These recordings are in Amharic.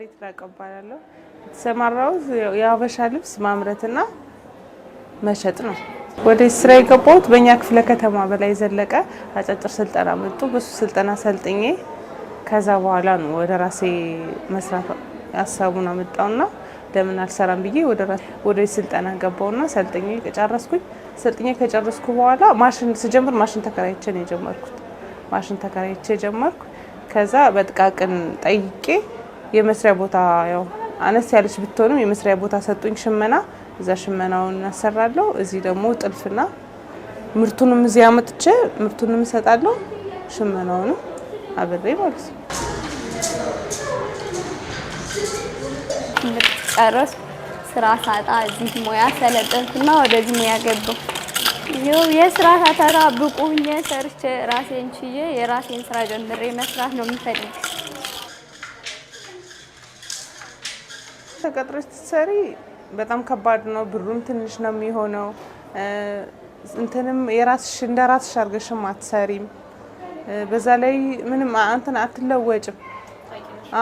ማህሌት ላቀው እባላለሁ። የተሰማራሁት የሀበሻ ልብስ ማምረትና መሸጥ ነው። ወደ ስራ የገባሁት በእኛ ክፍለ ከተማ በላይ ዘለቀ አጫጭር ስልጠና መጡ። በሱ ስልጠና ሰልጥኜ ከዛ በኋላ ነው ወደ ራሴ መስራት ሀሳቡን አመጣውና ለምን አልሰራም ብዬ ወደ ወደ ስልጠና ገባውና ሰልጥኜ ጨረስኩኝ። ሰልጥኜ ከጨረስኩ በኋላ ማሽን ስጀምር ማሽን ተከራይቼ ነው የጀመርኩት። ማሽን ተከራይቼ ጀመርኩ። ከዛ በጥቃቅን ጠይቄ የመስሪያ ቦታ ያው አነስ ያለች ብትሆንም የመስሪያ ቦታ ሰጡኝ ሽመና። እዛ ሽመናውን እናሰራለሁ። እዚህ ደግሞ ጥልፍና ምርቱንም እዚህ አመጥቼ ምርቱንም እሰጣለሁ፣ ሽመናውንም አብሬ ማለት ነው። ጨረስ ስራ ሳጣ እዚህ ሙያ ሰለጠንኩና ወደዚህ ሙያ ገባሁ። ይኸው የስራ ሳተራ ብቁ ሆኜ ሰርቼ ራሴን ችዬ የራሴን ስራ ጀምሬ መስራት ነው የምፈልግ። ተቀጥረሽ ስትሰሪ በጣም ከባድ ነው። ብሩም ትንሽ ነው የሚሆነው። እንትንም የራስሽ እንደ ራስሽ አድርገሽም አትሰሪም። በዛ ላይ ምንም አንተን አትለወጭም።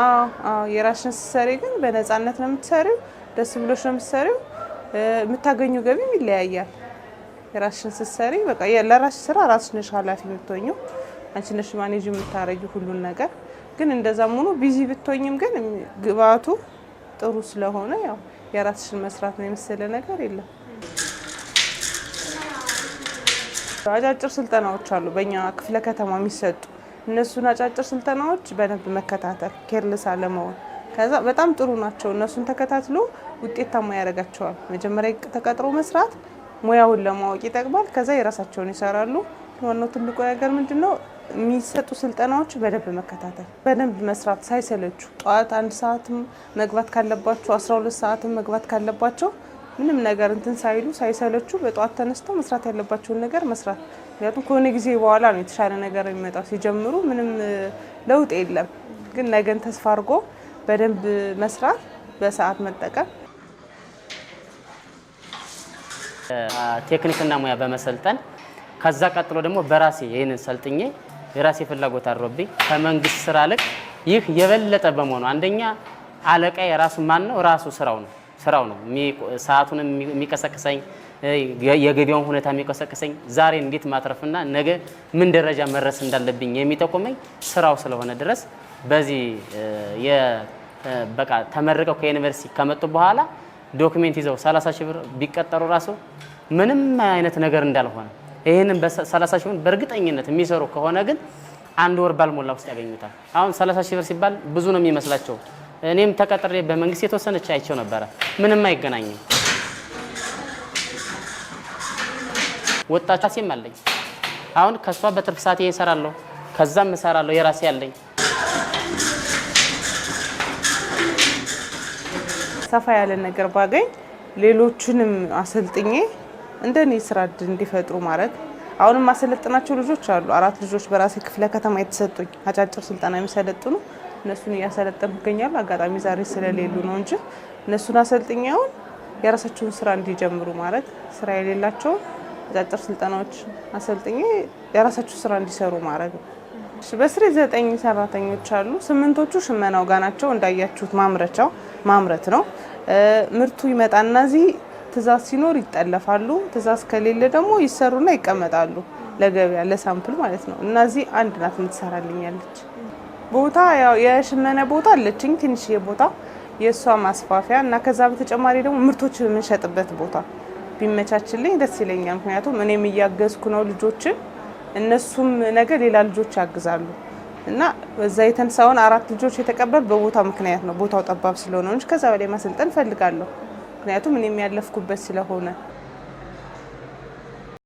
አዎ የራስሽን ስትሰሪ ግን በነፃነት ነው የምትሰሪው። ደስ ብሎሽ ነው የምትሰሪው። የምታገኙ ገቢም ይለያያል። የራስሽን ስትሰሪ በቃ ለራስሽ ስራ ራስሽ ነሽ ኃላፊ ብትሆኚው አንቺ ነሽ ማኔጅ የምታረጊ ሁሉን ነገር። ግን እንደዛም ሆኖ ቢዚ ብትሆኚም ግን ግባቱ ጥሩ ስለሆነ ያው የራስሽን መስራት ነው የመሰለ ነገር የለም። አጫጭር ስልጠናዎች አሉ በእኛ ክፍለ ከተማ የሚሰጡ እነሱን አጫጭር ስልጠናዎች በደንብ መከታተል፣ ኬርልስ አለመሆን ከዛ በጣም ጥሩ ናቸው። እነሱን ተከታትሎ ውጤታማ ያደርጋቸዋል። መጀመሪያ ተቀጥሮ መስራት ሙያውን ለማወቅ ይጠቅማል። ከዛ የራሳቸውን ይሰራሉ። ዋናው ትልቁ ነገር ምንድን ነው? የሚሰጡ ስልጠናዎች በደንብ መከታተል፣ በደንብ መስራት ሳይሰለቹ ጠዋት አንድ ሰዓትም መግባት ካለባቸው አስራ ሁለት ሰዓትም መግባት ካለባቸው ምንም ነገር እንትን ሳይሉ ሳይሰለቹ በጠዋት ተነስተው መስራት ያለባቸውን ነገር መስራት። ምክንያቱም ከሆነ ጊዜ በኋላ ነው የተሻለ ነገር የሚመጣው። ሲጀምሩ ምንም ለውጥ የለም፣ ግን ነገን ተስፋ አድርጎ በደንብ መስራት፣ በሰዓት መጠቀም ቴክኒክና ሙያ በመሰልጠን ከዛ ቀጥሎ ደግሞ በራሴ ይህንን ሰልጥኜ የራሴ ፍላጎት አድሮብኝ ከመንግስት ስራ ልቅ ይህ የበለጠ በመሆኑ አንደኛ አለቃ የራሱ ማን ነው? ራሱ ስራው ነው ስራው ነው ሰዓቱን የሚቀሰቅሰኝ የገቢያውን ሁኔታ የሚቀሰቅሰኝ ዛሬ እንዴት ማትረፍና ነገ ምን ደረጃ መድረስ እንዳለብኝ የሚጠቁመኝ ስራው ስለሆነ ድረስ በዚህ በቃ ተመርቀው ከዩኒቨርሲቲ ከመጡ በኋላ ዶክሜንት ይዘው 30 ሺህ ብር ቢቀጠሩ ራሱ ምንም አይነት ነገር እንዳልሆነ ይህንን በሰላሳ ሺህ ብር በእርግጠኝነት የሚሰሩ ከሆነ ግን አንድ ወር ባልሞላ ውስጥ ያገኙታል። አሁን ሰላሳ ሺህ ብር ሲባል ብዙ ነው የሚመስላቸው። እኔም ተቀጥሬ በመንግስት የተወሰነች አይቸው ነበረ። ምንም አይገናኝም። ወጣቻ ሴም አለኝ። አሁን ከእሷ በትርፍ ሰዓት ይሄ እሰራለሁ፣ ከዛም እሰራለሁ። የራሴ አለኝ። ሰፋ ያለ ነገር ባገኝ ሌሎችንም አሰልጥኜ እንደኔ ስራ እድል እንዲፈጥሩ ማድረግ አሁንም ማሰለጥናቸው ልጆች አሉ። አራት ልጆች በራሴ ክፍለ ከተማ የተሰጡኝ አጫጭር ስልጠና የሚሰለጥኑ እነሱን እያሰለጠንኩ እገኛለሁ። አጋጣሚ ዛሬ ስለሌሉ ነው እንጂ እነሱን አሰልጥኛውን የራሳቸውን ስራ እንዲጀምሩ ማድረግ ስራ የሌላቸውን አጫጭር ስልጠናዎች አሰልጥኝ የራሳቸው ስራ እንዲሰሩ ማድረግ ነው። በስሬ ዘጠኝ ሰራተኞች አሉ። ስምንቶቹ ሽመናው ጋ ናቸው። እንዳያችሁት ማምረቻው ማምረት ነው። ምርቱ ይመጣና እዚህ ትእዛዝ ሲኖር ይጠለፋሉ፣ ትእዛዝ ከሌለ ደግሞ ይሰሩና ይቀመጣሉ ለገበያ ለሳምፕል ማለት ነው። እናዚህ አንድ ናት የምትሰራልኛለች። ቦታ ያው የሽመነ ቦታ አለችኝ ትንሽ ቦታ የእሷ ማስፋፊያ እና ከዛ በተጨማሪ ደግሞ ምርቶች የምንሸጥበት ቦታ ቢመቻችልኝ ደስ ይለኛል። ምክንያቱም እኔም እያገዝኩ ነው ልጆችን፣ እነሱም ነገ ሌላ ልጆች ያግዛሉ እና በዛ የተነሳውን አራት ልጆች የተቀበል በቦታ ምክንያት ነው። ቦታው ጠባብ ስለሆነ ከዛ በላይ ማሰልጠን እፈልጋለሁ። اثنيناتهم اني ميال لفكم بس لهونه